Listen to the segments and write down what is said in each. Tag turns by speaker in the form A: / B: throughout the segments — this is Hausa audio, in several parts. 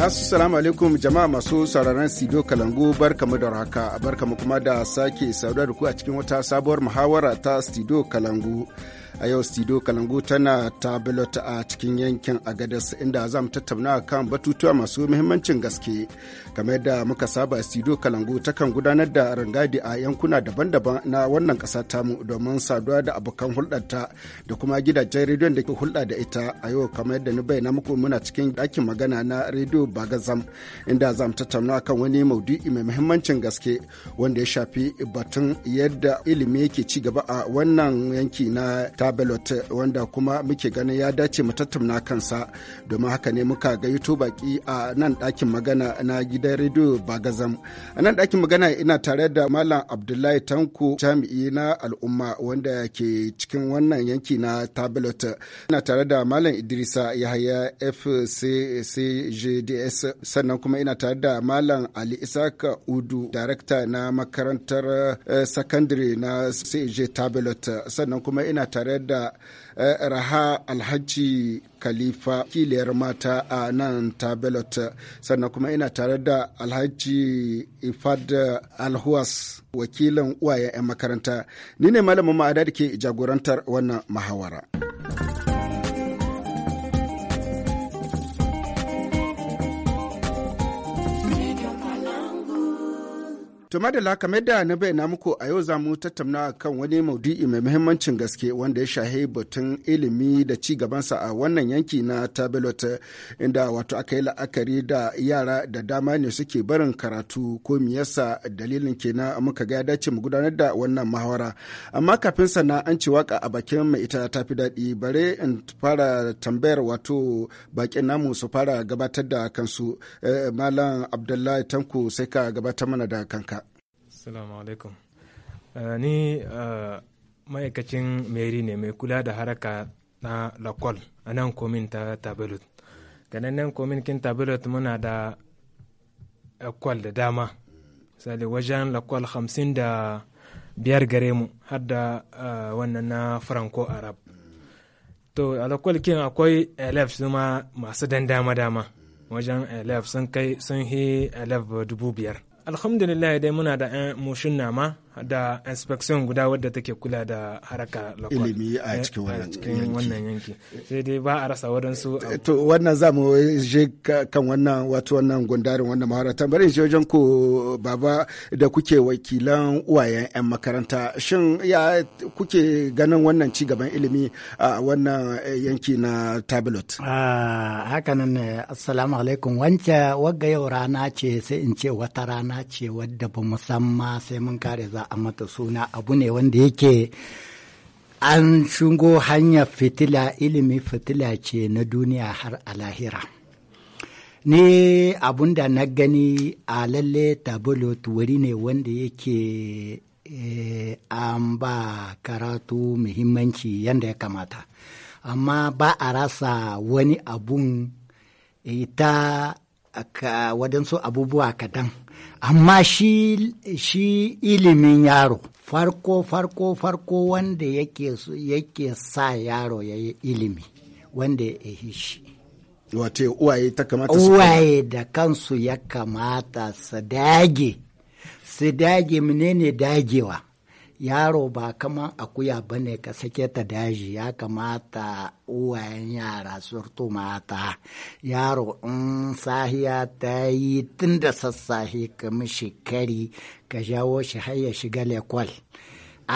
A: Assalamu alaikum jama'a masu sauraron Sido Kalangu barkamu da haka barkamu kuma da sake saduwa ku a cikin wata sabuwar muhawara ta Sido Kalangu. a yau studio kalangu tana tablet a cikin yankin agadas inda za mu tattauna kan batutuwa masu muhimmancin gaske kamar yadda muka saba studio kalangu takan gudanar da rangadi a yankuna daban-daban na wannan ta tamu domin saduwa da abokan hulɗarta da kuma gidajen rediyon da ke hulɗa da ita a yau kamar yadda ni bayyana muku muna cikin ɗakin magana na rediyo bagazam inda za mu tattauna kan wani maudu'i mai muhimmancin gaske wanda ya shafi batun yadda ilimi yake ci gaba a wannan yanki na ta na wanda kuma muke ganin ya dace mu tattauna kansa domin haka ne muka gayyato baki a nan ɗakin magana na gidan rediyo bagazam a nan ɗakin magana ina tare da malam abdullahi tanku jami'i na al'umma wanda ke cikin wannan yanki na tablet ina tare da malam idrisa yahaya fccjds sannan kuma ina tare da malam ali isaka udu darakta na makarantar eh, sakandare na cj tablet sannan kuma ina tare tare da eh, raha alhaji khalifa kiliyar mata a nan tabelot sannan kuma ina tare da alhaji ifad alhuwas wakilin uwaye 'yan makaranta ni ne malamin ma'ada da ke jagorantar wannan mahawara. To madala kamar da na bayyana muku a yau za mu tattauna kan wani maudu'i mai muhimmancin gaske wanda ya shahe batun ilimi da ci gabansa a wannan yanki na Tabelot inda wato aka yi la'akari da yara da dama ne suke barin karatu ko yasa dalilin na muka ga dace mu gudanar da wannan mahawara. Amma kafin sana an ci waka a bakin mai ita ta fi daɗi bare in fara tambayar wato bakin namu su fara gabatar da kansu. Eh, Malam Abdullahi Tanko sai ka gabatar mana da kanka.
B: Assalamu alaikum. Eh, ni eh, ma'aikacin meri ne mai kula da haraka na lakol a nan komin ta tabelot. Ganin nan komin kin tabelot muna da ekwal da dama. Misali wajen lakwal hamsin da biyar gare mu har da eh, wannan na franco arab. To a lakwal kin akwai elef su masu dandama dama Wajen elef sun kai sun hi elef dubu biyar. alhamdulillah dai muna da 'yan eh, mushin nama da inspection guda wadda take kula da haraka ilimi a eh, cikin wannan yanki sai dai ba a rasa wadansu
A: eh, eh, to wannan za mu je kan wannan wato wannan gundarin wannan mahara bari shi wajen ku baba da kuke wakilan uwayen 'yan makaranta shin ya kuke ganin wannan ci gaban ilimi a wannan yanki na tablet
C: ah, haka nan assalamu alaikum wance wagga yau rana ce sai in ce wata rana ce wadda ba musamman sai mun kare za za a mata suna abu ne wanda yake an shigo hanyar fitila ilimi fitila ce na duniya har a lahira ni abun da na gani a lalle tabulot wuri ne wanda yake e, an ba karatu muhimmanci yadda ya kamata amma ba a rasa wani abun ita wadansu abubuwa kadan amma shi shi ilimin yaro farko farko farko wanda yake yake sa yaro ya yi ilimi wanda ya ehi shi wate uwaye ta kamata su uwaye da kansu ya kamata su dage su dage menene dagewa yaro ba kaman akuya ba ne ka sake ta daji ya kamata uwayen yara surtu mata yaro in sahiya ta yi tun da sassahe ka mishi kari ka jawo shi har ya shiga lekwal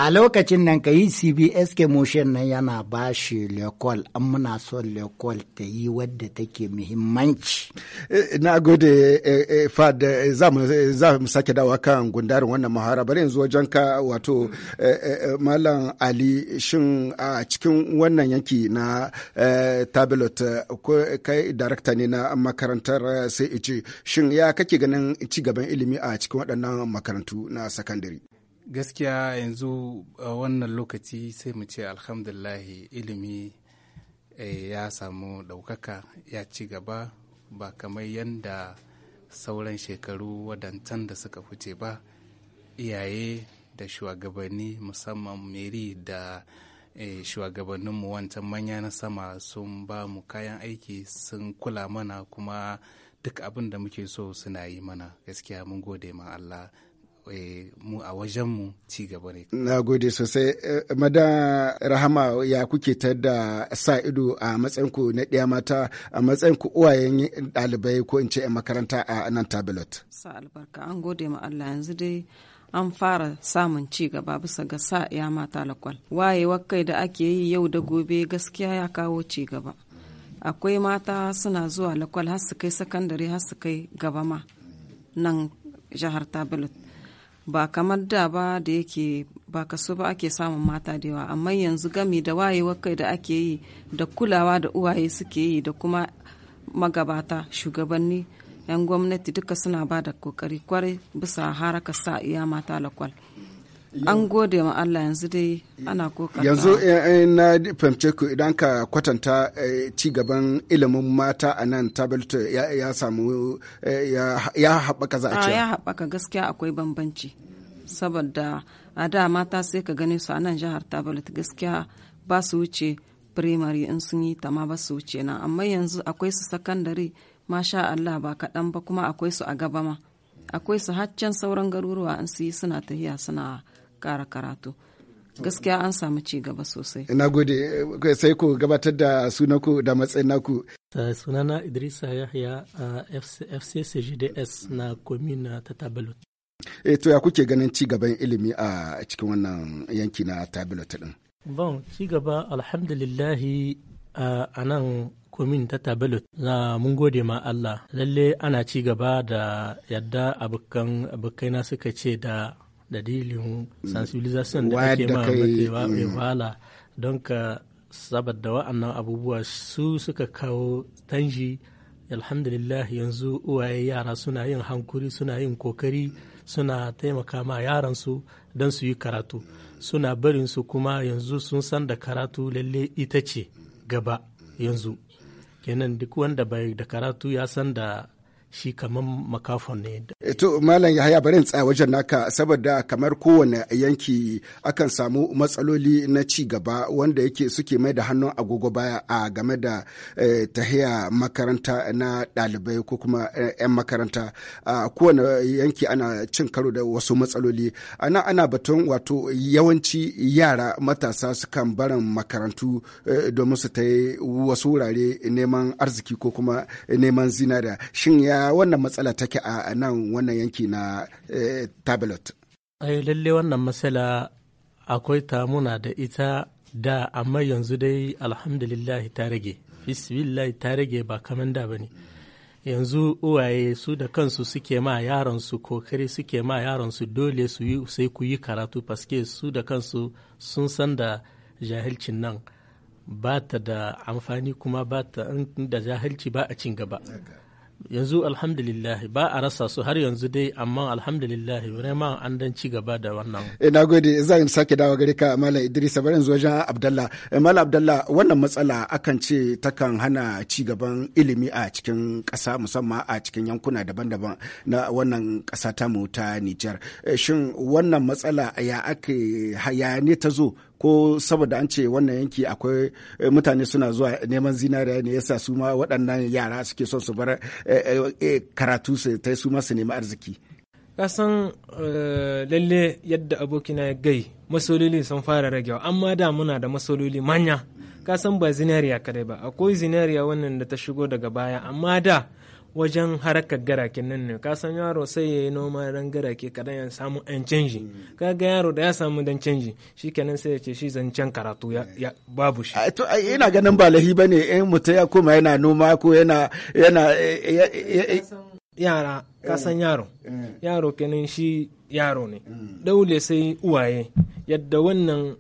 C: a lokacin nan ka yi cbs ke motion nan yana ba shi lekol an muna so lekol ta yi wadda take muhimmanci eh, na gode eh, eh, fad
A: za mu sake dawa kan gundarin wannan mahara bari yanzu wajen ka wato malam ali shin a cikin wannan yanki na tablet kai darakta ne na makarantar sai ice shin ya kake ganin ci gaban ilimi a cikin waɗannan makarantu na sakandare
D: gaskiya yanzu a wannan lokaci sai mu ce alhamdulahi ilimi eh, ya samu ɗaukaka ya ci gaba ba kamar yadda sauran shekaru wadantan da suka fice ba iyaye da shugabanni musamman meri da eh, shugabanninmu wancan manya na sama sun ba mu kayan aiki sun kula mana kuma duk abin da muke so suna yi mana gaskiya mun gode ma Allah Eh, mu a wajenmu ci gaba ne.
A: Na gode sosai. Eh, Mada Rahama ya kuke ta da sa ido a matsayinku na ɗaya mata a matsayinku uwayen ɗalibai ko in ce 'yan makaranta a nan tablet. Sa
E: albarka an gode ma Allah yanzu dai an fara samun ci gaba bisa ga sa ya mata lakwal. waye wakai da ake yi yau da gobe gaskiya ya kawo ci gaba. Akwai mata suna zuwa lakwal har su kai sakandare har su kai gaba ma nan jihar Tablet. ba kamar da ba da yake ba kaso ba ake samun mata da yawa amma yanzu gami da wayewar kai da ake yi da kulawa da uwaye suke yi da kuma magabata shugabanni 'yan gwamnati duka suna ba da kokari kwarai bisa haraka sa iya mata lakwal an gode ma Allah yanzu dai ana kokata yanzu eh,
A: eh, na fahimce ku idan ka kwatanta eh, ci gaban ilimin mata a nan tablet ya samu ya haɓaka za a ah, ya
E: haɓaka gaskiya akwai bambanci saboda a da mata sai ka gane su a nan jihar tablet gaskiya ba su wuce primary in sun yi ta ma ba su wuce na amma yanzu akwai su sakandare masha Allah ba kaɗan ba kuma akwai su a gaba ma akwai su haccan sauran garuruwa in su yi suna tafiya suna kara karatu gaskiya an samu ci gaba sosai
A: na gode sai ku gabatar da sunanku da matsayin naku
F: sunana idrisa yahya a fccgds na komina ta tabalut
A: e eh, to ya kuke ganin ci gaban ilimi a cikin wannan yanki na tabalut din
F: bon ci gaba alhamdulillahi a nan komin ta tabalut na mun gode ma Allah lalle ana ci gaba da yadda abokan abokaina suka ce da dalilin sensibilization da ake ma mm. wala don ka saboda wa'annan abubuwa su suka kawo tanji alhamdulillah yanzu uwaye yara suna yin hankuri suna yin kokari suna taimaka ma su don su yi karatu suna barin su kuma yanzu sun san da karatu lalle ita ce gaba yanzu kenan duk wanda bai da karatu ya san da shi kamar makafon ne.
A: Eh, to Malam Yahaya bari in tsaya wajen naka saboda kamar kowane yanki akan samu matsaloli na ci gaba wanda yake suke mai da hannun agogo baya a game da eh, tahiya makaranta na ɗalibai ko kuma 'yan eh, makaranta. A kowane yanki ana cin karo da wasu matsaloli. Ana ana batun wato yawanci yara matasa sukan barin makarantu domin su ta wasu wurare neman arziki ko kuma neman zinariya. Shin ya wannan matsala take a nan wannan yanki na eh, tablet
F: eh, lalle wannan matsala akwai ta muna da ita da amma yanzu dai alhamdulillah ta rage Bismillah ta rage ba kamar da ba ne yanzu uwaye su da kansu suke ma yaransu kokari suke ma yaransu dole su yi sai ku yi karatu paske su da kansu sun san da jahilcin nan ba ta da amfani kuma ba ta da jahilci ba a cin gaba yanzu alhamdulillah ba a rasa su har yanzu dai amma alhamdulillah ma an dan ci gaba da wannan
A: eh nagode zan sake dawo gare ka malam Idris bari yanzu wajen Abdallah eh, malam Abdallah wannan matsala akan ce takan hana ci gaban ilimi a cikin ƙasa musamman a cikin yankuna daban-daban na wannan ƙasa ta mu ta Niger eh, shin wannan matsala ya ake ya ne ta zo ko saboda an ce wannan yanki akwai eh, mutane suna zuwa neman zinariya ne yasa su ma waɗannan yara suke son su bar eh, eh, karatu su ta su ma su nemi arziki
B: kasan lalle yadda abokina ya gai masololi sun fara ragewa amma da muna da masololi manya kasan ba zinariya kadai ba akwai zinariya wannan da ta shigo daga baya amma da wajen harakar garake nan ne ka san yaro sai ya yi noma ran garake kadan ya samu ɗan canji mm. ka ga yaro da ya samu dan canji shi kenan sai ya ce shi zancen karatu ya babu shi
A: to ina ganin ba lahi bane in eh, mutum ya koma yana noma ko yana yana eh, eh,
B: yara ka san yaro yaro kenan shi yaro ne mm. daule sai uwaye yadda wannan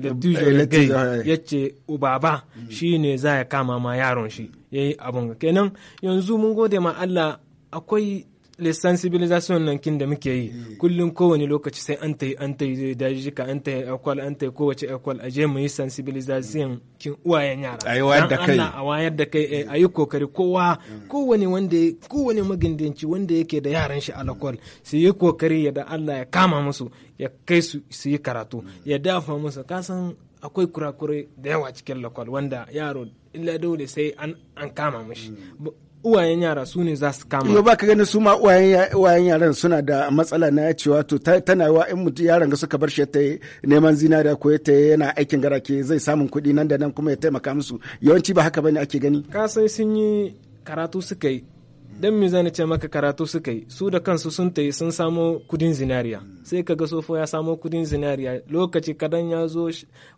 B: da ya ce ubaba mm. shi ne za ya kama ma yaron shi ya yi abin kenan yanzu mun gode ma Allah akwai sensibilisation nan kin da muke yi eh. kullum kowane lokaci sai an tayi an tayi jika an tayi akwal an tayi kowace akwal aje mu yi sensibilisation kin uwayen yara a wayar da kai a wayar da kai eh, a yi kokari kowa mm. kowane wanda kowane magindinci wanda yake da yaran shi alakwal su yi kokari ya da Allah ya kama musu ya kai su su yi karatu mm. ya dafa musu kasan akwai kurakurai da yawa cikin lokal wanda yaro illa dole sai an kama mashi mm. uwayen yara su ne za su kama. Yau
A: ba ka gani su ma uwayen yaran suna da matsala na cewa to tana wa in mutum yaran suka bar shi ta neman zinariya ko ta yana aikin garake zai samun kuɗi nan da nan kuma ya taimaka musu yawanci ba haka bane ake gani.
B: Ka sai sun yi karatu suka yi dan me zan ce maka karatu suka yi su da kansu sun tayi sun samo kudin zinariya sai kaga sofo ya samo kudin zinariya lokaci kadan ya zo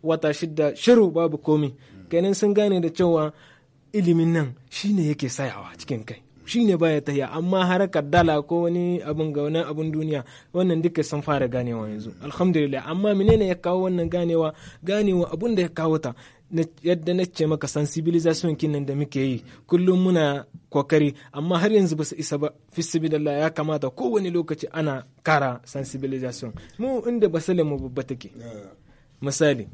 B: wata shida shiru babu komi kenan sun gane da cewa ilimin nan shine yake sayawa cikin kai shine baya tahiya amma harakar dala ko wani abun ga wani abun duniya wannan duka sun fara ganewa yanzu alhamdulillah amma menene ya kawo wannan ganewa ganewa abun da ya kawo ta yadda na ce maka sensibilization kinan da muke yi kullum muna kokari amma har yanzu ba su isa ba fisibidallah ya kamata kowane lokaci ana kara sensibilization mu inda basale mu babba take misali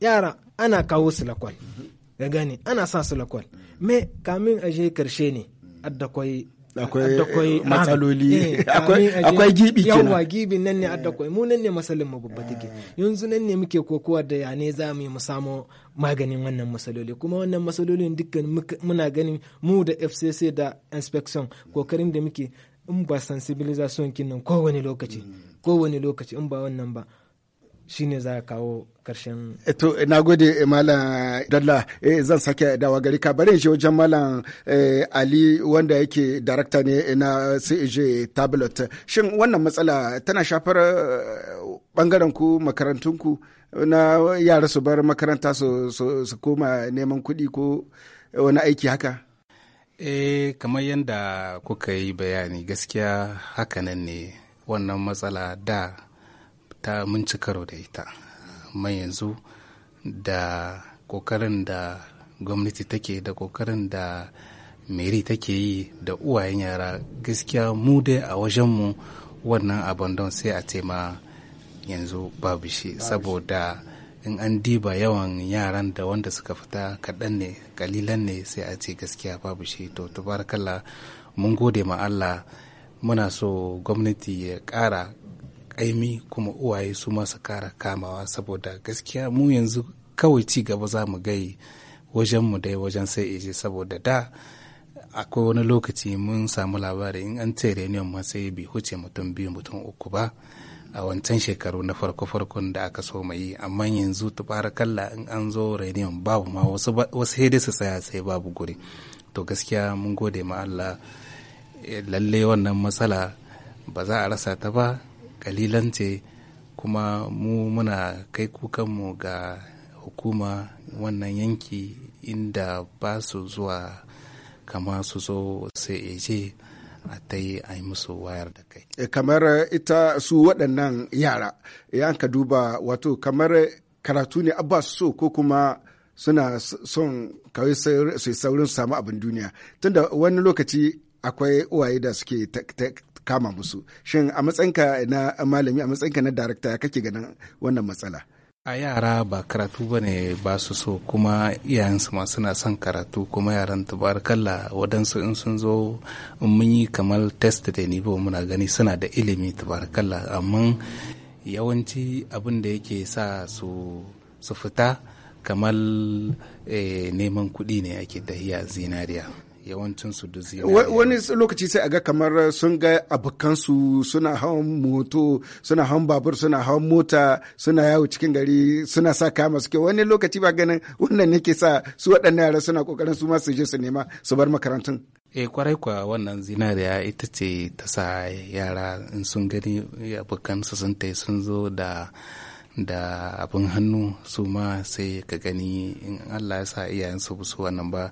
B: yara ana kawo su lakwal ga mm-hmm. gane ana sa su lakwal mm-hmm. me kamin aje karshe ne mm-hmm. adda kwai akwai eh, matsaloli eh, akwai gibi kenan yawa nan ne addakwai mu nan ne masalin mu babba take ah. yanzu nan ne muke kokowa da ya ne za mu samu maganin wannan masaloli kuma wannan masalolin dukkan muna gani mu da FCC da inspection kokarin da muke in ba sensibilization kin nan kowane lokaci mm. kowane lokaci in ba wannan ba shine za kawo karshen
A: eto eh, na gode eh, malam dalla eh, zan sake dawa gari ka barin shi wajen malam ali wanda yake darakta ne na cj tablet shin wannan matsala tana shafar bangaren ku makarantun na yara su bar makaranta su koma neman kuɗi ko wani aiki haka
D: eh kamar yadda kuka yi bayani gaskiya hakanan ne wannan matsala da ta mun ci karo da ita amma yanzu da kokarin da gwamnati take da kokarin da meri take yi da uwayen yara gaskiya mu dai a wajen mu wannan abandon sai a ce ma yanzu babu shi saboda in an diba yawan yaran da wanda suka fita kaɗan ne kalilan ne sai a ce gaskiya babu shi to tubarkalla mun gode ma Allah muna so gwamnati ya ƙara kaimi kuma uwaye su masu kara kamawa saboda gaskiya mu yanzu kawai ci gaba za mu gai wajen mu dai wajen sai eje saboda da akwai wani lokaci mun samu labari in an ce reunion ma sai bi huce mutum biyu mutum uku ba a wancan shekaru na farko-farkon da aka so mai amma yanzu kalla in an zo reunion babu ma wasu sai su tsaya sai babu guri to gaskiya mun gode ma Allah eh, lalle wannan matsala ba za a rasa ta ba kalilance kuma mu muna kai kukanmu ga hukuma wannan yanki inda ba su zuwa kama su zo sai eje a ta yi a musu wayar da
A: kai. Eh, kamar ita su waɗannan yara, yan eh, ka duba wato kamar karatu ne abba so ko kuma suna son kawai su saurin samu abin duniya. Tunda wani lokaci akwai uwaye da suke kama musu shin a matsayinka na malami a matsayinka na darakta ya kake ganin wannan matsala
D: a yara ba karatu ba ne ba su so kuma iyayensu ma suna son karatu kuma yaran tabarakalla wadansu in sun zo mun yi kamar test da ni muna gani suna da ilimi tabarakalla amma yawanci abin da yake sa su fita kamar eh, neman kuɗi ne ake tahiya zinariya yawancin su duk
A: wani lokaci sai a ga kamar sun ga abokansu suna hawan moto suna hawan babur suna hawan mota suna yawo cikin gari suna sa kaya masu kyau wani lokaci ba ganin wannan ne ke sa su waɗannan yara suna kokarin su ma su je su nema su bar makarantun
D: eh kwarai kwa wannan zinariya ita ce ta sa yara in sun gani abokansu sun tai sun zo da da abin hannu su ma sai ka gani in allah ya sa iyayensu su wannan ba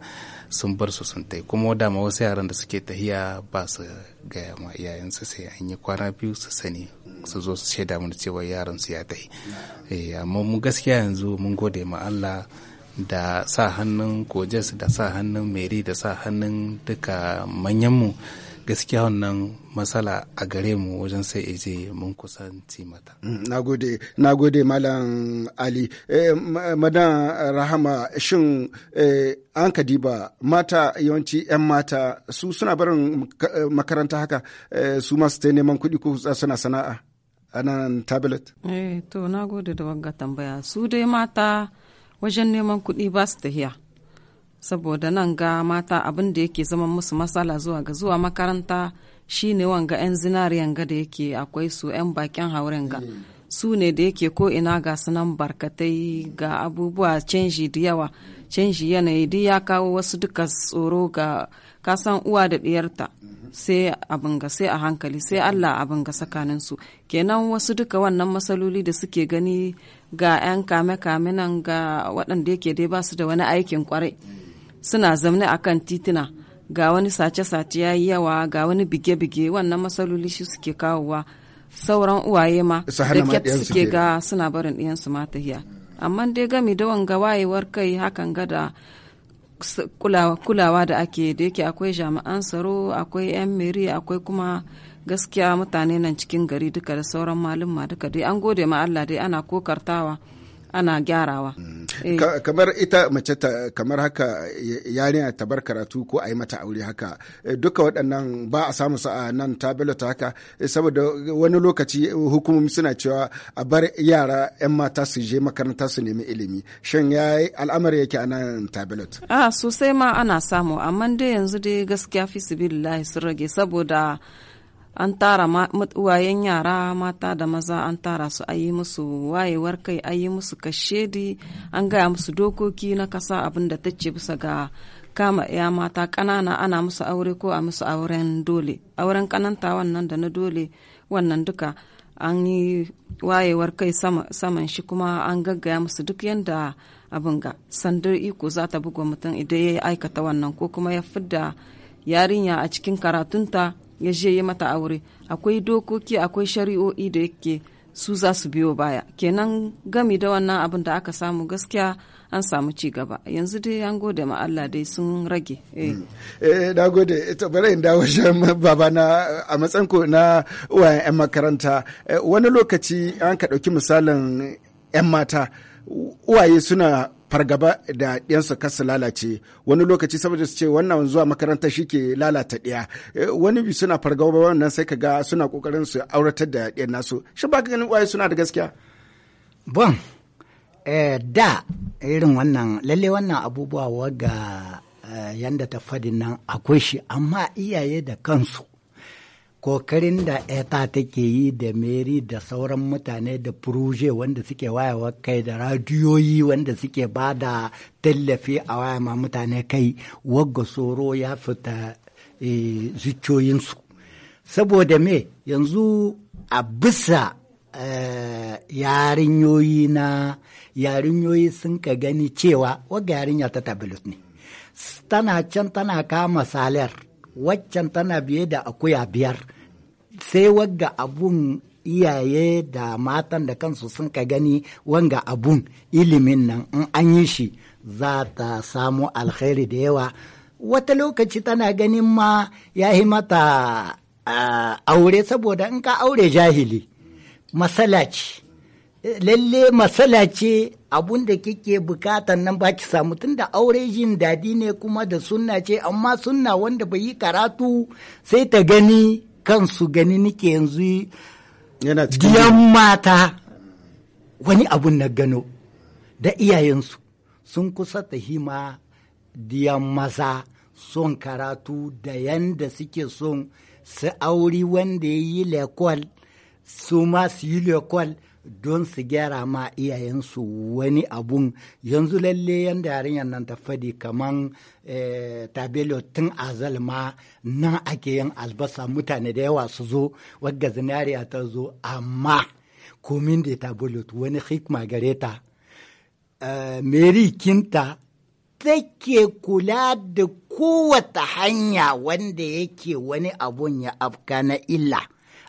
D: sun bar su sun tai kuma dama wasu yaran da suke tahiya ba su gaya ma su sai an yi kwana biyu su sani su zo su shaida mana cewa yaran su ya tahi eh, amma mu gaskiya yanzu mun gode ma allah da sa hannun kojes da sa hannun meri da sa hannun duka manyanmu mu gaskiya wannan matsala a gare mu wajen sai eje mun kusan mata.
A: Mm, nagode nagode malam ali eh, madan rahama shin eh, an kadiba mata yawanci 'yan mata su suna barin makaranta haka eh, su masu ta neman kuɗi ko suna sana'a anan tablet
E: to nagode da wanga tambaya su dai mata wajen neman kuɗi ba su tahiya saboda nan ga mata abin da yake zama musu matsala zuwa ga zuwa makaranta shine wanga 'yan zinariyan ga da yake akwai su 'yan bakin hauren ga su ne da yake ko ina ga sunan barkatai ga abubuwa canji da yawa canji yanayi duk ya kawo wasu duka tsoro ga kasan uwa da ɗiyarta sai abin ga sai a hankali sai allah abin ga tsakaninsu kenan wasu duka wannan matsaloli da suke gani ga 'yan kame-kame nan ga waɗanda yake dai ba su da wani aikin kwarai suna zamne a kan titina ga wani sace-sace ya yi yawa ga wani bige-bige wannan matsaloli shi suke kawowa sauran uwaye ma da suke ga suna barin ɗiyansu ma hiya amma dai gami da wanga wayewar kai hakan gada kulawa da ake da yake akwai jami'an tsaro akwai 'yan meri akwai kuma gaskiya mutane nan cikin gari duka da sauran malumma duka dai an gode ma Allah dai ana kokartawa ana gyarawa mm. eh.
A: kamar ita mace ta kamar haka yarinya ta bar karatu ko a yi mata aure haka eh, duka waɗannan ba a samu a nan ta ta haka eh, saboda wani lokaci hukumomi suna cewa a bar yara 'yan mata su je makaranta su nemi ilimi shin ya yi al'amari yake a nan ta
E: a sosai ma ana samu amma dai yanzu dai gaskiya fi sun rage saboda an tara uwayen yara mata da maza an tara su a yi musu wayewar kai a yi musu kashedi an gaya musu dokoki na kasa abin da ta ce bisa ga kama ya mata ƙanana ana musu aure ko a musu auren dole auren ƙananta wannan da na dole wannan duka an yi wayewar kai saman shi kuma an gaggaya musu duk yadda abin ga sandar iko za ta buga mutum idan ya aikata wannan ko kuma ya fidda yarinya a cikin karatunta ya je ya mata aure akwai dokoki akwai shari'o'i da yake su za su biyo baya kenan gami da wannan abin da aka samu gaskiya an samu ci gaba yanzu dai an gode ma Allah dai sun rage eh da
A: mm. eh, gode to bare in dawo shan baba na a matsayin ko na wayan yan makaranta eh, wani lokaci an ka dauki misalin yan mata uwaye suna fargaba da ɗiyansa kasa lalace wani lokaci saboda su ce wannan zuwa makaranta shi ke lalata ɗiya eh, wani bi suna fargaba wannan sai ka ga suna
C: ƙoƙarin su auratar da ɗiyan nasu
A: shi ba ganin waye suna da gaskiya.
C: bon eh, da irin wannan lalle wannan abubuwa waga eh, yanda ta faɗi nan akwai shi amma iyaye da kansu kokarin da eta take yi da meri da sauran mutane da Proje wanda suke wayawa kai da radiyoyi wanda suke ba da tallafi a waya mutane kai wagga soro ya fita eh, zuciyoyinsu saboda me yanzu a bisa eh, yarinyoyi na yarinyoyi sun ka gani cewa wagga yarinya ta tablet ne tana can tana kama salar waccan tana biye da akuya biyar sai wagga abun iyaye da matan da kansu sun ka gani wanga abun ilimin nan in an yi shi za ta samu alkhairi da yawa wata lokaci tana ganin ma ya yi mata ah, aure saboda in ka aure jahili masala lalle matsala ce abun da kike bukatan nan ba ki samu tunda aure jin daɗi ne kuma da sunna ce amma sunna wanda bai yi karatu sai ta gani kansu gani nike yanzu diyan mata wani abun na gano da iyayensu sun kusa ta hima diyan maza son karatu da yanda suke son su auri wanda ya yi lekwal su ma su yi lekwal don su gyara ma iyayensu wani abun yanzu lalle yanda yarinyar nan ta fadi kaman eh, tabelo tun azal nan ake yin albasa mutane da yawa su zo wadda zinariya ta zo amma komin da tabelo wani hikma gare ta eh, mary kinta take kula da kowata hanya wanda yake wani abun ya afka na illa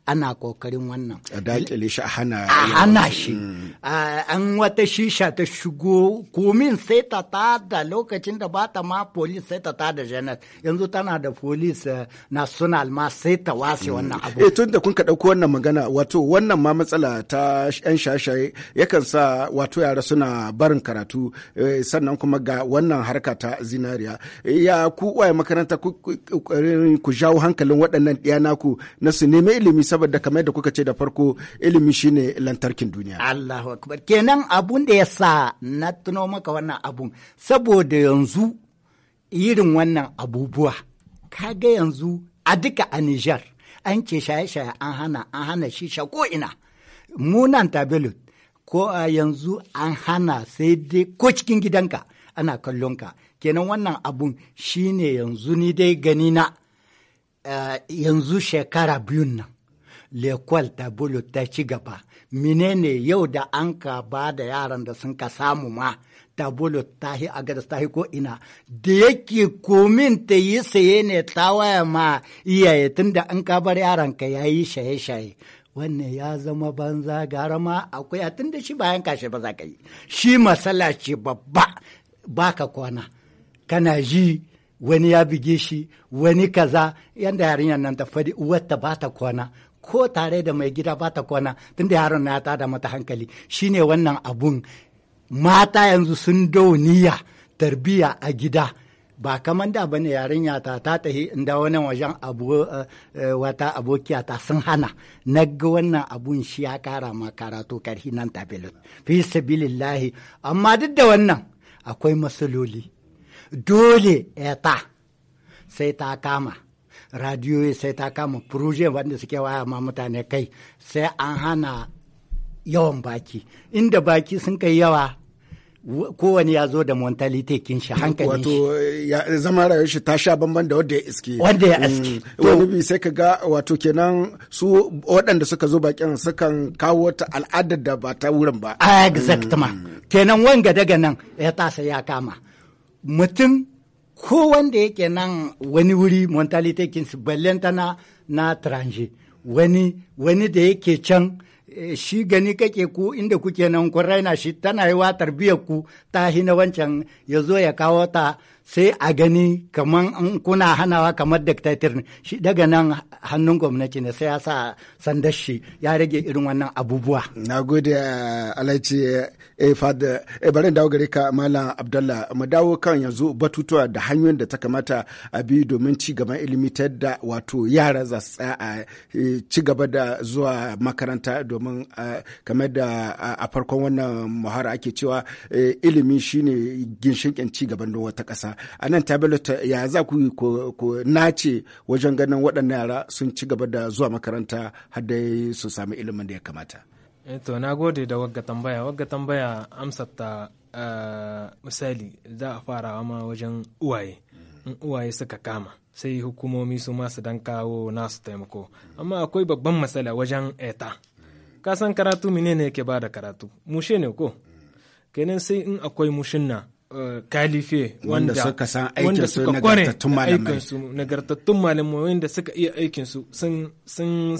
C: ana kokarin wannan a dakile shi a hana a hana shi mm. an wata shisha ta shigo komin sai ta tada lokacin da bata ma police sai ta tada janet yanzu tana da police eh, national ma sai ta wase mm. wannan abu eh, tun da kun
A: ka dauko wannan magana wato wannan ma matsala ta yan shashaye yakan sa wato yara suna barin karatu eh, sannan kuma ga wannan harka ta zinariya ya ku waye makaranta ku jawo hankalin waɗannan ɗiya naku na su nemi ilimi
C: saboda kamar yadda kuka ce da farko ilimi shine lantarkin duniya Allahu akbar kenan abun da ya sa na tuno maka wannan abun saboda yanzu irin wannan abubuwa kaga yanzu a duka a Nijar an ce shaye-shaye an hana an hana shisha ko ina munan tabelot ko a yanzu an hana sai dai ko cikin gidanka ana kallon ka kenan wannan abun shine yanzu ni dai gani na eh, yanzu shekara biyun nan lekwal ta bulu ta ci gaba menene yau da an ka ba da yaran da sun ka samu ma ta bulut ta hi gada ta hi ko ina da yake komin ta yi saye ne ta waya ma iyaye tun da an ka bar yaran ka ya yi shaye-shaye wannan ya zama banza gara ma akwai a tun da shi bayan kashe ba za ka yi shi masala ce babba ba ka kwana kana ji wani ya bige shi wani kaza yanda yarinyar nan ta faɗi uwarta ba ta kwana ko tare da mai gida ba ta kwana tunda yaron na ya da mata hankali shine wannan abun mata yanzu sun dauniya tarbiya a gida ba kamar da bane yarinya ta ta tahi inda wani wajen abu eh, eh, wata abokiya ta sun hana na ga wannan abun shi ya kara ma karatu karhi nan tabelot fi sabilillahi amma duk da wannan akwai masaloli dole ya ta sai ta kama radiyoyi sai ta kama proje wanda suke waya ma mutane kai sai an hana yawan baki inda baki sun kai yawa kowane ya zo da mentality kin shi hankali wato ya zama rayuwar shi ta sha bamban da wanda ya iske wanda ya iske mm. wani
A: bi sai ka ga wato kenan su waɗanda suka zo bakin sukan kawo ta al'adar da ba ta wurin ba exactly mm.
C: kenan wanga daga nan ya tasa ya kama mutum ko wanda yake nan wani wuri mentality kinsu ballantana na tranje wani wani da yake can eh, shi gani kake ku inda kuke nan kun raina shi tana yi wa tarbiyyar ku ta hina wancan ya zo ya kawo ta sai a gani kamar kuna hanawa kamar dictator ne shi daga nan hannun gwamnati ne sai ya sa sandar shi ya rage irin wannan abubuwa na gode eh, alhaji e eh, eh,
A: fada e bari dawo gare ka malam abdallah mu dawo kan yanzu batutuwa da hanyoyin da ta kamata a bi domin ci gaban ilimi ta da wato yara za su tsaya a ci gaba da zuwa makaranta domin kamar da a farkon wannan muhara ake cewa ilimi shine ginshikin ci gaban wata ƙasa a nan tablet ya za ku ku nace wajen ganin waɗannan yara sun ci gaba da zuwa makaranta har da su sami ilimin da ya kamata.
B: Eh to na gode da wagga tambaya wagga tambaya amsar ta eh, misali za a farawa ma wajen uwaye in uwaye suka kama sai hukumomi su masu dan kawo nasu taimako amma akwai babban matsala wajen eta ka san karatu menene yake ba da karatu mushe ne ko kenan sai in akwai mushin na kalife wanda suka san aikinsu su nagartattun malamai nagartattun malamai wanda suka iya aikin su sun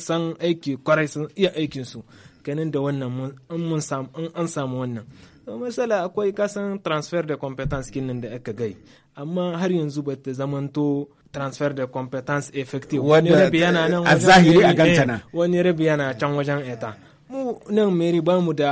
B: san aiki kwarai sun iya aikin su ganin da wannan mun samu an samu wannan matsala akwai kasan transfer da competence kinin da aka gai amma har yanzu ba ta zamanto transfer da competence effective wani rabi yana nan wajen a zahiri a gantana eh, wani rabi yana can wajen eta mu nan meri ba mu da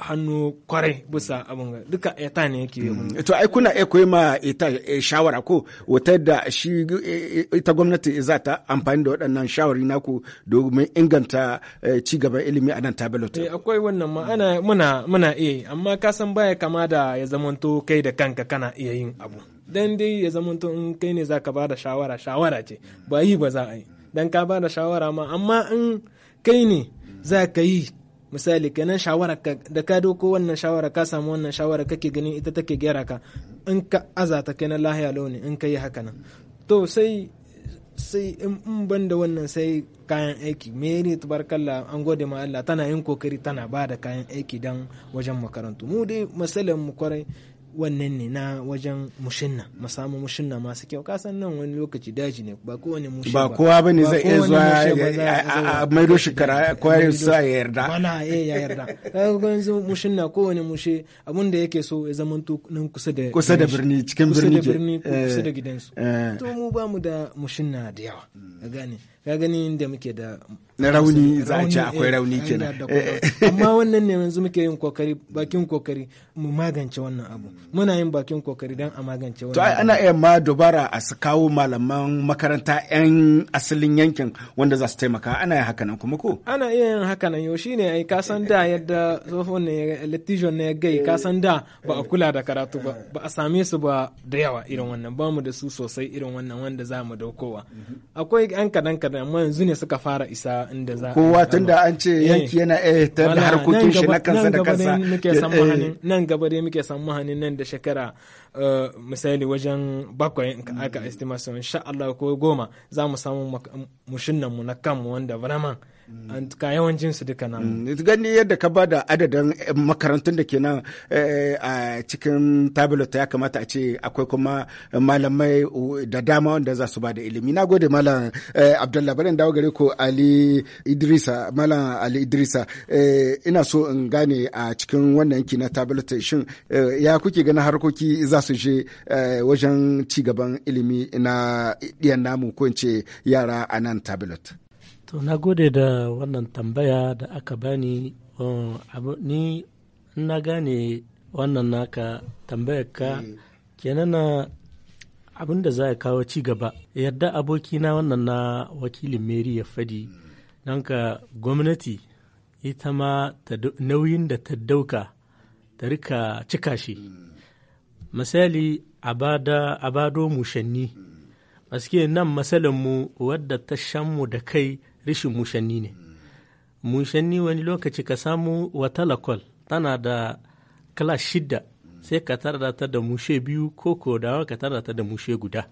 B: hannu kwarai bisa abin duka eta ne yake yi mm.
A: to ai kuna iya koyi ma eta eh, shawara ko wata da shi eh, ita gwamnati za ta amfani da waɗannan shawari naku domin inganta eh, ci gaban ilimi a nan tabelot
B: akwai wannan ma ana muna muna iya amma ka san baya kama da ya zamanto kai da kanka kana iya yin abu dan dai ya zamanto in kai ne zaka ba da shawara shawara ce ba yi ba za a yi dan ka ba da shawara ma amma in kai ne za ka yi misali kenan shawara ka da ka doko wannan shawara ka samu wannan shawara kake ganin ita take gyara ka in ka azata kenan lahiya launi in ka yi haka nan to sai sai in ban da wannan sai kayan aiki meri tabarkalla an gode ma Allah tana yin kokari tana ba da kayan aiki dan wajen makarantu mu dai masalan mu kwarai wannan ne na wajen mushinna mu samu mushinna masu kyau kasan nan wani lokaci daji ne ba kowane mushi ba kowa ba ne zai iya zuwa a maido shekara kwarin sa ya yarda wala eh ya yarda kaga yanzu mushinna kowane mushe abun da yake so ya zama nan kusa da kusa da birni cikin birni kusa da birni kusa da gidansu eh. to mu ba mu da mushinna da yawa gane ka gani da muke da na rauni za a ce akwai eh, rauni nan amma wannan ne yanzu muke yin kokari bakin kokari mu magance wannan abu muna yin bakin kokari don a magance wannan to
A: ana iya ma dubara a su kawo malaman makaranta yan asalin yankin wanda za su taimaka ana yin hakanan kuma
B: ko ana iya yin hakanan yau shine ai ka san da yadda tsohon ne litijon ne ya gai ka san da ba a kula da karatu ba ba a same su ba da yawa irin wannan ba mu da su sosai irin wannan wanda za mu daukowa mm-hmm. akwai an kadan da amma yanzu ne suka fara isa inda za kowa tun da an ce eh. yanki yana eh, ta da harkokin shi na kansa da kansa eh. nan gaba dai muke san mahanin nan da shekara misali wajen bakwai in aka estimation insha Allah ko goma za mu samu mushin mu na kanmu wanda vraiment ka mm. yawancin su duka nan mm.
A: gani yadda ka bada adadin eh, makarantun da ke nan eh, a cikin tablet ya kamata a ce akwai kuma malamai da dama wanda za su da ilimi na gode malam eh, abdullahi bari dawo gare ku ali idrisa malam ali idrisa ina so in gane a cikin wannan yanki na tablet shin ya kuke ganin harkoki za su je wajen ci gaban ilimi na ɗiyan namu ko yara a nan tablet
F: to na gode da wannan tambaya da aka bani ni na gane wannan naka tambayar ka mm. kenan na abin da za a kawo ci gaba yadda abokina wannan na wakilin meri ya fadi mm. don ka gwamnati ita ma nauyin da ta dauka ta rika cika shi mm. misali a abado mushanni maske nan mu wadda ta mu da kai rishin mushanni ne mushanni wani lokaci ka samu wata lakol tana da kala shida sai ka tarata da mushe biyu ko kodawa ka tarata da mushe guda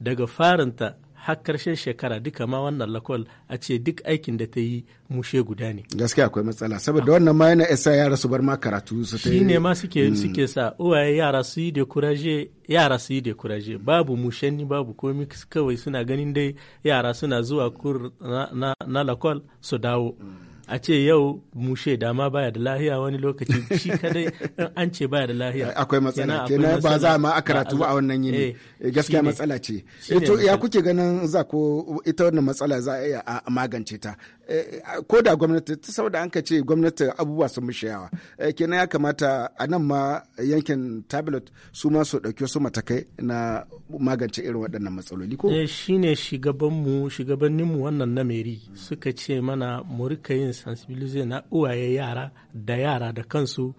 F: daga farinta har karshen shekara duka ma wannan lakol a ce duk aikin da ta yi mushe guda ne
A: gaskiya akwai matsala saboda wannan ma yana isa yara su bar ma karatu su ta yi ne ma suke hmm. suke
F: sa uwaye yara su yi dekuraje yara su yi dekuraje babu mushenni babu komi kawai suna ganin dai yara suna zuwa kur na, lakol su dawo hmm. a ce yau mu shaida ma baya da lahiya wani lokaci shi kadai an ce baya da lahiya akwai matsala kenan ba za ma a karatu ba a wannan yini eh, eh, gaskiya matsala ce eh, to ya
A: kuke ganin za ko ita wannan matsala za a iya a magance ta ko da gwamnati ta saboda an ka ce gwamnati abubuwa sun mishi yawa kenan ya kamata a nan ma yankin tablet su ma su dauki su matakai na magance irin waɗannan matsaloli ko
F: shine shugabanmu shugabanninmu wannan meri suka ce mana mu rika yin sensibilize na uwaye yara da yara da kansu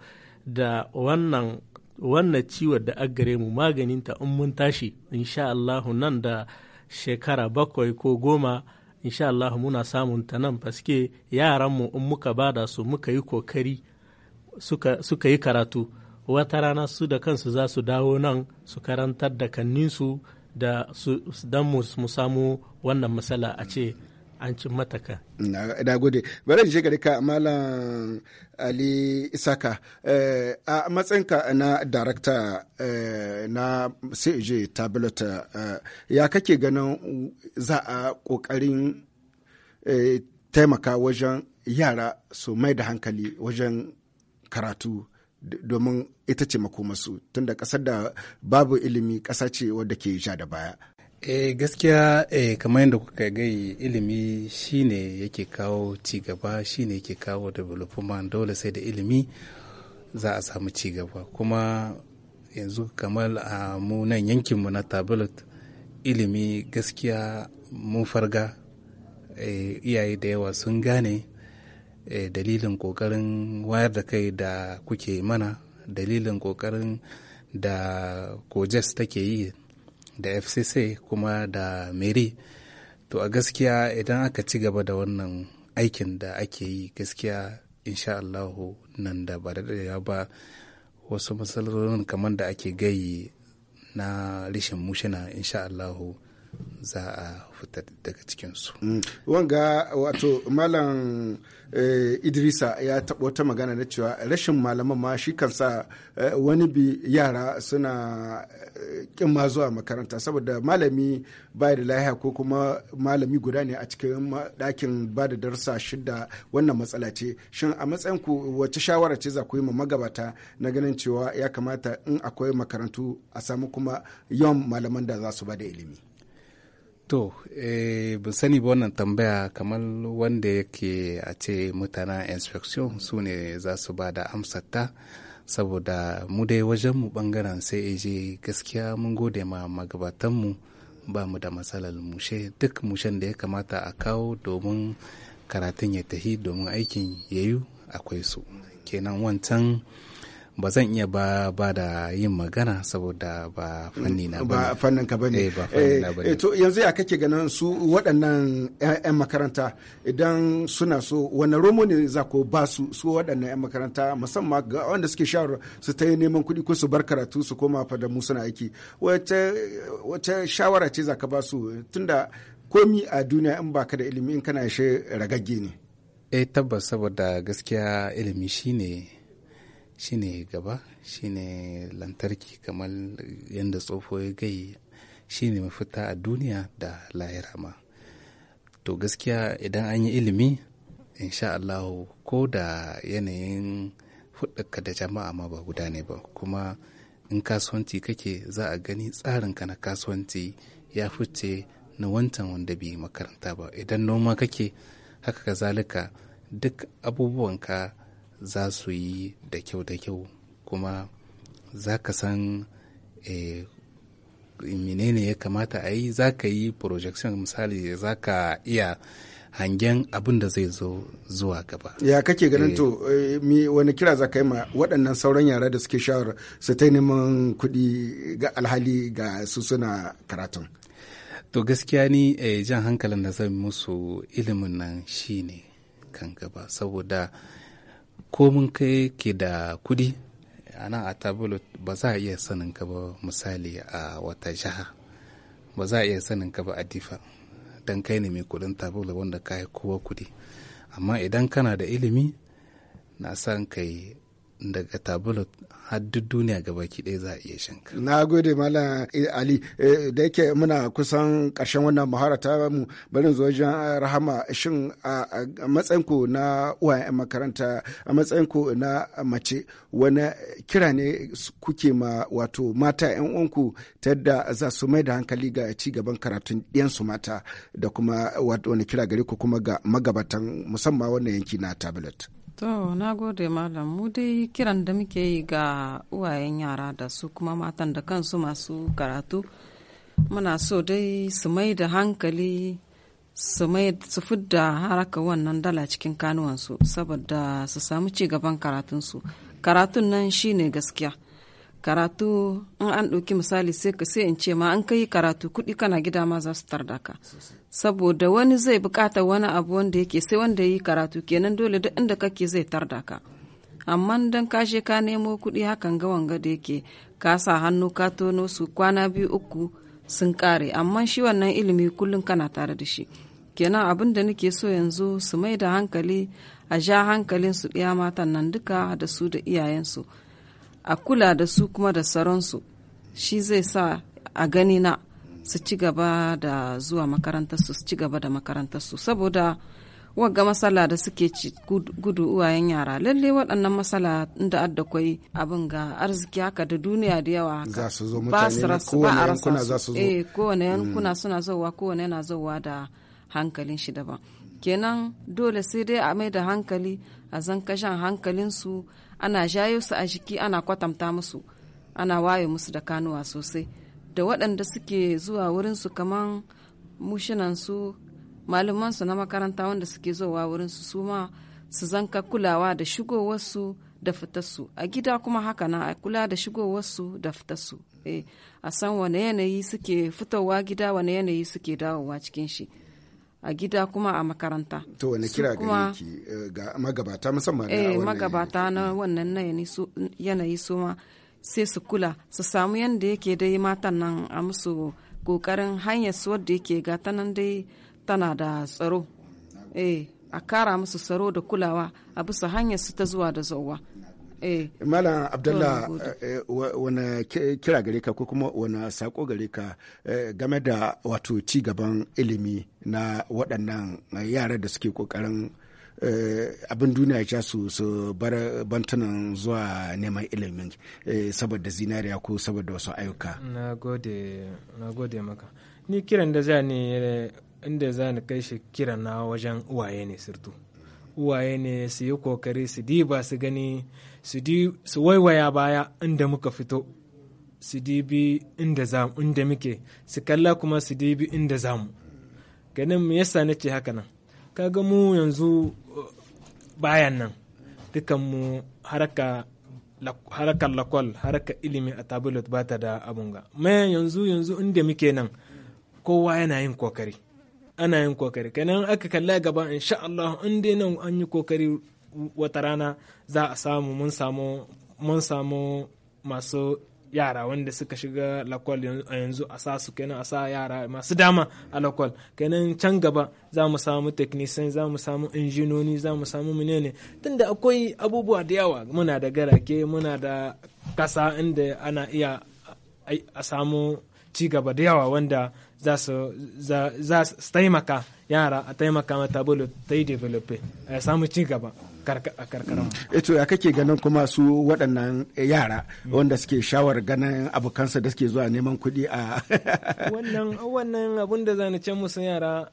F: da wannan wannan ciwon da gare mu maganinta in mun tashi insha Allahu nan da shekara bakwai ko goma insha Allah muna samun ta nan faske mu in muka bada su muka yi kokari suka, suka yi karatu wata rana su da kansu za su dawo nan su karantar da kanninsu da su dan mu samu wannan matsala a ce an cin mata kan.
A: Na gode. Bari in gare ka Malam Ali Isaka. Eh, a matsayinka na darakta eh, na CAG tablet eh, ya kake ganin za a kokarin taimaka wajen yara su mai da hankali wajen karatu domin ita ce makomasu tunda kasar da babu ilimi ƙasa ce wadda ke ja da baya.
D: Eh gaskiya e kamar yadda kuka gai ilimi shine yake kawo cigaba shine yake kawo development dole sai da ilimi za a samu ci gaba kuma yanzu kamar a ah, mu nan yankinmu na tablet ilimi gaskiya mun farga e, iyaye da yawa sun gane e dalilin kokarin wayar da kai da kuke mana dalilin kokarin da kojes take yi da fcc kuma da Mary to a gaskiya idan aka ci gaba da wannan aikin da ake yi gaskiya insha allahu nan da ba da ba wasu matsalolin kamar da ake gayi na rishin mushina insha allahu za a fitar daga cikinsu. su. Mm.
A: Wanga wato malam eh, Idrisa ya taɓa wata magana na cewa rashin malaman ma shi kansa eh, wani bi yara suna eh, ƙin ma zuwa makaranta saboda malami ba da lahiya ko kuma malami guda ne a cikin ɗakin ba da darsa shida wannan matsala ce. Shin a matsayin ku wace shawara ce za ku yi ma magabata na ganin cewa ya kamata in akwai makarantu a samu kuma yawan malaman da za su ba da ilimi.
D: To, eh, ba sani ba wannan tambaya kamar wanda yake a ce mutanen inspection su ne za su ba da ta saboda mu dai mu bangaren sai je gaskiya mun gode ma magabatanmu ba mu da matsalar mushe duk mushen da ya kamata a kawo domin karatun ya tahi domin aikin yayu akwai su kenan wancan ba zan iya ba ba da yin magana saboda ba fanni na ba fannin ka bane ba eh,
F: fanni eh,
A: eh, to yanzu ya kake ganin su waɗannan ƴan makaranta idan suna so wani romo ne za ko ba su su waɗannan ƴan makaranta musamman ga wanda suke shawar su ta neman kuɗi ko su bar karatu su koma fa da mu suna aiki wace wace shawara ce za ka ba su tunda komi a duniya in baka da ilimi in kana shi ragagge ne eh tabbas saboda gaskiya ilimi shine shine gaba
D: shine lantarki kamar yadda tsofo ya gai shine mafita a duniya da lahira ma to gaskiya idan an yi ilimi insha Allahu ko da yanayin hudaka da jama'a ma ba guda ne ba kuma in kasuwanci kake za a gani tsarinka na kasuwanci ya fice na wancan wanda bai makaranta ba idan noma kake haka kazalika duk abubuwan ka. za su yi da kyau da kyau kuma za ka san eh, menene ya kamata a yi za ka yi projection misali za ka iya hangen abin da zai zo zuwa gaba.
A: Ya kake ganin eh. to eh, wani kira za ka yi ma waɗannan sauran yara da suke shawar su ta neman kuɗi ga alhali ga su suna karatun.
D: To gaskiya ni jan hankalin da zan musu ilimin nan shi ne kan gaba saboda ko mun kai ke da kudi a nan a tabulu ba za a iya sanin ka ba misali a wata jiha ba za a iya sanin ka ba a difa don kai ne mai kudin tabulu wanda ka yi kowa kudi amma idan kana da ilimi na san kai daga tabulot har duniya duniya gabaki ɗaya za a iya shan
A: ka. Na gode Malam Ali eh, da yake muna kusan ƙarshen wannan muhara ta mu barin zuwa wajen ah, Rahama shin a matsayinku na uwayen makaranta a matsayinku na mace wani kira ne kuke ma wato mata yan uwanku ta yadda za su mai da hankali ga ci gaban karatun ɗiyansu mata da kuma wani kira gare ku kuma ga magabatan musamman wannan yanki na tablet.
E: To, na gode malam mu dai kiran da muke yi ga uwayen yara da su kuma matan da kansu masu karatu. Muna so dai su mai da hankali su mai su fidda haraka wannan dala cikin kanuwansu saboda su samu ci gaban karatunsu. Karatun nan shine gaskiya. karatu in an ɗauki misali sai ka sai in ce ma an kai karatu kuɗi kana gida ma za su tarda ka saboda wani zai buƙata wani abu wanda yake sai wanda yi karatu kenan dole duk inda kake zai tarda ka amma dan ka je ka nemo kuɗi hakan ga wanga da yake ka sa hannu ka tono su kwana biyu uku sun kare amma shi wannan ilimi kullum kana tare da shi kenan abin da nake so yanzu su mai da hankali a ja hankalin su ɗiya matan nan duka da su da iyayensu a kula da su kuma da tsaronsu shi zai sa a gani na su ci gaba da zuwa makarantarsu su ci gaba da makarantarsu saboda wagga matsala da suke ci gudu uwayen yara lalle waɗannan matsala inda adda kwai abin ga arziki haka da duniya da yawa ba su rasu ba a yankuna su eh, kowane mm. yankuna suna zowa kowane yana zowa da hankalin shi daban kenan dole sai dai a mai da hankali a zan jan hankalinsu ana jayo su a jiki ana kwatanta musu ana waye musu da kanuwa sosai da waɗanda suke zuwa wurinsu kaman mushinansu malumansu na makaranta wanda suke zuwa wurinsu su ma su zanka kulawa da shigowarsu da fitarsu a gida kuma haka na a kula da shigowarsu da fitarsu eh, a san wane yanayi suke fitowa gida wane yanayi suke dawowa cikin shi a gida kuma a makaranta. To wani kira gare ki
A: eh, ga magabata musamman eh, magabata
E: na wannan yanayi su ma sai su kula su samu yadda yake dai matan nan a musu kokarin hanyar su wadda yake ga ta nan dai tana da tsaro. Eh, a kara musu tsaro da kulawa a bisa hanyar su ta zuwa da zauwa. Eh.
A: malam abdullah eh, eh, wani kira gare ka ko kuma wani sako gare ka game da wato ci gaban ilimi na waɗannan yara da suke ƙoƙarin abin duniya ya su su bar bantunan zuwa neman ilimin saboda zinariya ko saboda wasu ayyuka
B: na gode maka ni kiran da za ni inda za ni kai shi kiran na wajen uwaye ne sirtu uwaye ne su yi kokari su diba su gani su waiwaya baya inda muka fito su dibi inda zamu inda muke su kalla kuma su dibi inda zamu ganin me yasa nace haka nan kaga mu yanzu uh, bayan nan mu haraka harakar lakwal haraka ilimi a tabulet ba ta da abunga mai yanzu yanzu inda muke nan kowa yana yin kokari ana yin kokari kenan aka kalla gaba insha Allah in dai nan an yi kokari wata rana za a samu mun samu mun samu masu yara wanda suka shiga lakwal a yanzu a sa su kenan a sa yara masu dama a lakwal kenan can gaba za mu samu technician za mu samu injinoni za mu samu menene tunda akwai abubuwa da yawa muna da garake muna da kasa inda ana iya a samu ci gaba da yawa wanda za su taimaka yara a taimaka mata bulu ta yi develope a samu ci gaba a karkara
A: eto eh, ya kake ganin kuma su waɗannan yara hmm. wanda suke shawar ganin abokansa da suke zuwa neman kuɗi a
B: wannan abun da zani ce musu yara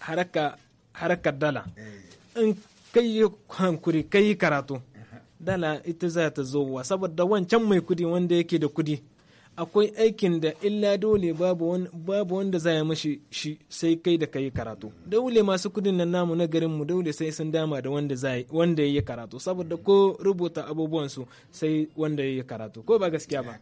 B: haraka harakar dala eh. in kai hankuri kai karatu dala ita za ta zo wa saboda wancan mai kudi wanda yake da kudi akwai aikin da illa dole babu wanda za ya mashi shi sai kai da kai karatu dole masu kudin nan namu na garinmu dole sai sun dama da wanda ya yi karatu saboda ko rubuta abubuwansu sai wanda ya yi karatu ko ba gaskiya ba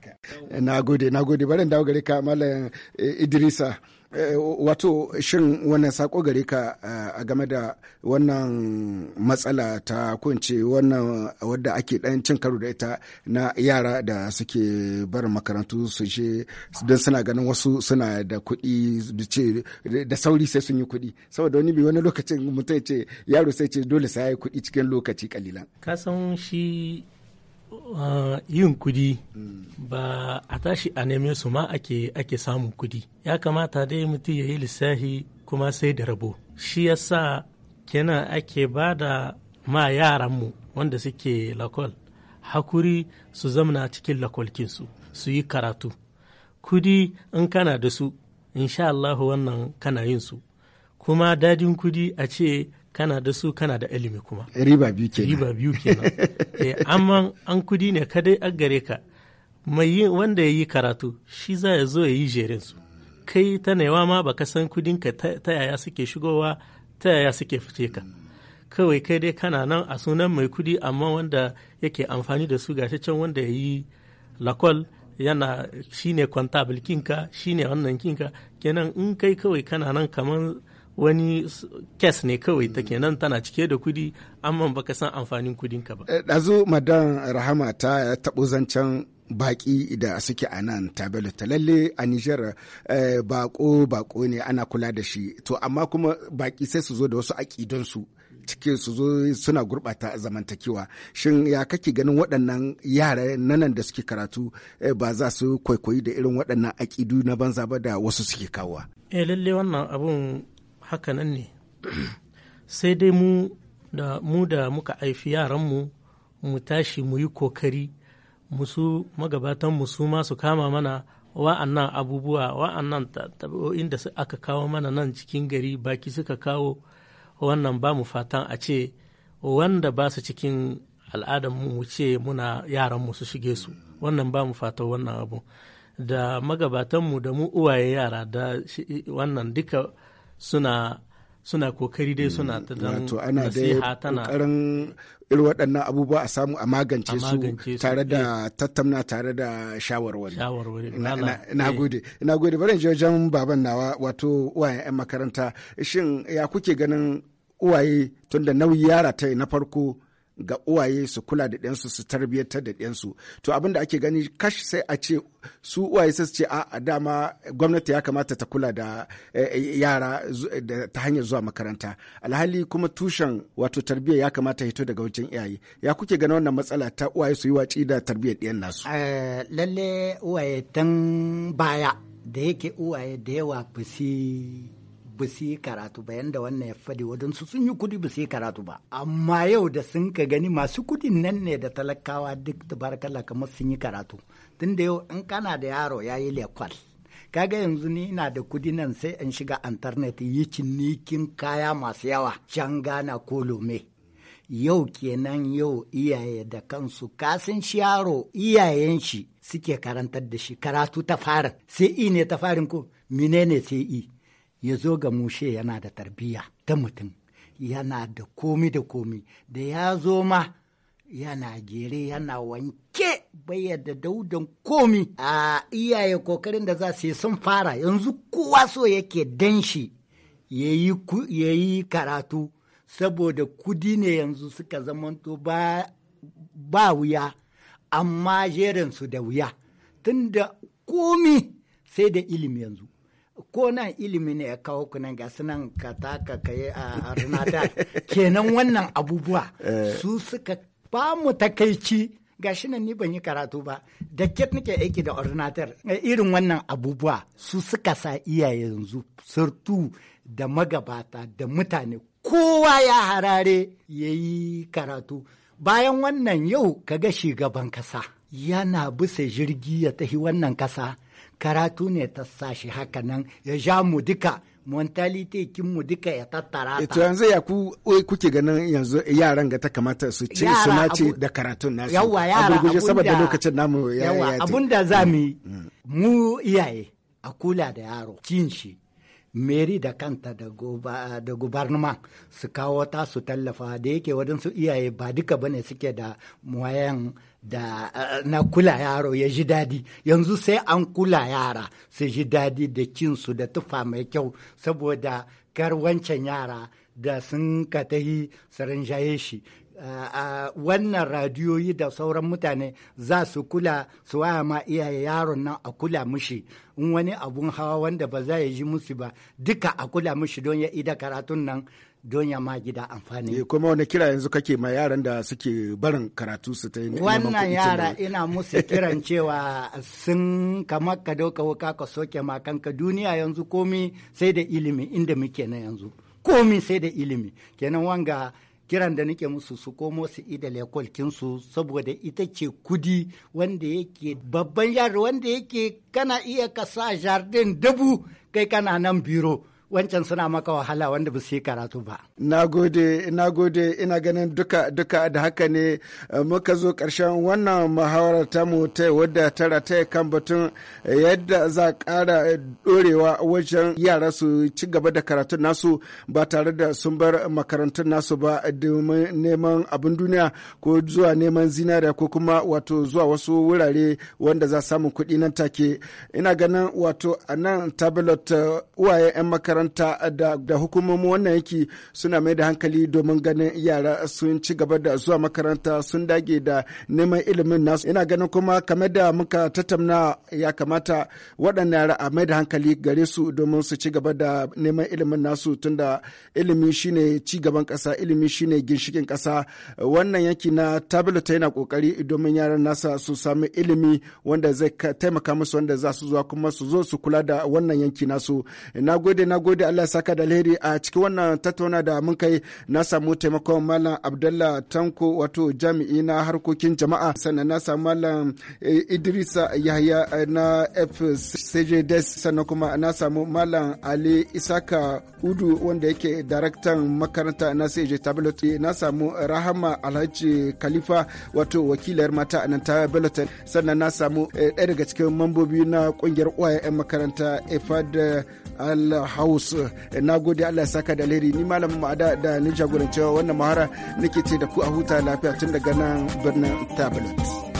A: nagode nagode barin dawo gare ka mallam eh, Idrisa Eh, wato shin wannan sako gare ka eh, a game da wannan matsala ta kunce wannan wadda ake dan cin karo da ita na yara da suke barin makarantu su je don suna ganin wasu suna da kuɗi da sauri sai sun yi kuɗi saboda wani bi wani lokacin mutum ce yaro sai ce dole sai ya yi kuɗi cikin lokaci kalilan
F: ka shi Uh, yin kudi ba a tashi a neme su ma ake, ake samun kudi ya kamata dai mutu ya yi lissafi kuma sai da rabo shi yasa kenan ake ba da ma yaranmu wanda suke lakol hakuri su zamana cikin lakolkinsu su yi karatu kudi in kana da su insha Allah wannan kana yin su kuma dadin kudi a ce kana da su kana da ilimi kuma riba biyu kenan riba biyu kenan eh amma an kudi ne kadai an gare ka mai wanda ya yi karatu shi za ya zo ya yi jerin su kai ta newa ma baka san kudin ka ta yaya suke shigowa ta yaya suke fice ka kawai kai dai kana nan a sunan mai kudi amma wanda yake amfani da su gashi can wanda ya yi lakol yana shine kwantabil kinka shine wannan kinka kenan in kai kawai kana nan kamar wani kes ne kawai ta nan tana cike da kudi amma baka san amfanin kudinka ba.
A: Eh, ɗazu madan rahama ta taɓo zancen baƙi da suke a nan tabelu ta lalle a Nijar eh, baƙo baƙo ne ana kula da shi to amma kuma baƙi sai su zo da wasu aƙidansu cike su zo suna gurɓata zamantakewa shin ya kake ganin waɗannan yara nanan da suke karatu eh, ba za su kwaikwayi da irin waɗannan aƙidu na banza ba da wasu suke kawowa.
F: eh lalle wannan abun haka nan ne sai dai mu da mu da muka haifi yaranmu mu tashi mu yi kokari musu magabatan su ma su kama mana wa'annan abubuwa wa'annan tabi'o'in da aka kawo mana nan cikin gari baki suka kawo wannan ba mu fatan a ce wanda ba su cikin al'adarmu mu ce muna yaran mu su shige su wannan ba mu fatan wannan abu da magabatanmu da mu uwaye yara da wannan duka suna suna kokari dai suna mm, ta dan nasiha tana karin
A: irin waɗannan abubuwa a samu a magance su tare da eh. tattauna tare da shawarwari
F: eh. na gode
A: na gode bari je wajen baban nawa wato uwayen yan makaranta shin ya kuke ganin uwaye tunda nauyi yara ta na farko ga uwaye su kula da ɗansu su tarbiyyantar da ɗansu to abin da ake gani kash sai a ce su uwaye sai su ce a dama gwamnati ya kamata ta kula da eh, yara ta hanyar zuwa makaranta alhali kuma tushen wato tarbiyya ya kamata hito daga wajen iyaye ya kuke gani wannan matsala ta uwaye su yi watsi da tarbiyyar ɗiyan nasu
C: eh, lalle uwaye tan baya da yake uwaye da yawa ba ba su yi karatu ba yanda wannan ya fadi su sun yi kudi ba su yi karatu ba amma yau da sun ka gani masu kudin nan ne da talakawa duk da barkala kamar sun yi karatu tun da yau in kana da yaro ya yi lekwal kaga yanzu ni ina da kudi nan sai in shiga internet yi cinikin kaya masu yawa can gana ko lome yau kenan yau iyaye da kansu kasan shi yaro iyayen shi suke karantar da shi karatu ta fara sai i ne ta farin ko menene sai i ya zo ga mushe yana da tarbiyya ta mutum yana da komi da komi da ya zo ma yana gere yana wanke bayar da daudan komi a iyaye kokarin da za su yi sun fara yanzu kowa so yake danshi ya yi karatu saboda kudi ne yanzu suka zamanto ba, ba wuya amma jerin su da wuya tunda komi sai da ilimi yanzu ko nan ilimi ne ya kawo ku nan ga sunan ka taka ka yi a renata kenan wannan abubuwa eh. su suka ba mu takaici shi nan ni ban yi karatu ba da ke nake aiki da ordinator eh, irin wannan abubuwa su suka sa iya yanzu surtu da magabata da mutane kowa ya harare ya yi karatu bayan wannan yau kaga shugaban kasa yana bisa jirgi ya tahi wannan kasa karatu ne ta sashi haka nan ya ja mu duka mentality mu duka ya tattara eh, ta. yanzu ya ku
A: kuke ganin yanzu yaran ga ta kamata su ce su nace da karatun nasu. Yawa yara abunda saboda lokacin namu ya yawa abunda za mu
C: yi mm. Mm. mu iyaye a kula da yaro kin shi meri da kanta da gubarnuma su kawo ta su tallafa da yake wadansu iyaye ba duka bane suke da wayan da eh, na kula yaro ya ji daɗi yanzu sai an kula yara su ji daɗi da cinsu da tufa mai kyau saboda kar wancan yara da sun ka tahi sarin jaye shi eh, eh, wannan radiyoyi da sauran mutane za su kula su waya ma iyaye yaron nan a kula mushi in wani abun hawa wanda ba za ya ji musu ba duka a kula mushi don ya ida karatun nan don ya ma gida amfani. Eh,
A: kuma wani kira yanzu kake ma yaran da suke barin karatu su ta yi Wannan yara
C: ina musu kiran cewa sun kamar ka dauka wuka ka soke makanka duniya yanzu komi sai da ilimi inda muke na yanzu. Komi sai da ilimi. Kenan wanga kiran da nake musu su komo su ida su saboda ita ce kudi wanda yake babban yaro wanda yake kana iya kasa jardin dubu kai kana nan biro. wancan suna maka wahala wanda ba su yi karatu ba.
A: Na gode, na gode, ina ganin duka duka da haka ne eh, muka zo ƙarshen wannan muhawarar ta ta wadda tara ta kan batun eh, yadda za ƙara eh, ɗorewa wajen yara su ci gaba da karatun nasu ba tare da sun bar makarantun nasu ba domin neman abin duniya ko zuwa neman zinariya ko kuma wato zuwa wasu wurare wanda za samun kuɗi nan take. Ina ganin wato a nan tablet uwaye 'yan makaranta da, da hukumomin wannan yanki suna mai da hankali domin ganin yara sun ci gaba da zuwa makaranta sun dage da neman ilimin nasu ina ganin kuma kamar da muka tattauna ya kamata waɗannan yara a mai da hankali gare su domin su ci gaba da neman ilimin nasu tunda ilimi shine ci gaban ƙasa ilimi shine ginshikin ƙasa wannan yanki na tablet yana ƙoƙari domin yaran nasa su sami ilimi wanda zai taimaka musu wanda za su zuwa kuma su zo su kula da wannan yanki nasu na gode na gode Allah saka da alheri a cikin wannan tattauna da mun kai na samu taimakon Malam Abdullah Tanko wato jami'i na harkokin jama'a sannan na samu Malam eh, Idrisa Yahya eh, na FCJDS sannan kuma na samu Malam Ali Isaka Udu wanda yake daraktan makaranta na CJ Tablet na samu Rahama Alhaji Khalifa wato wakilar mata nan ta Bulletin sannan na samu eh, ɗaya daga cikin mambobi na kungiyar uwaye makaranta Ifad Alhawu Bus na gode Allah ya saka da alheri ni malamin ada da ni jagorancewa wannan mahara nake ce da ku a huta lafiya tun daga nan birnin Tablet.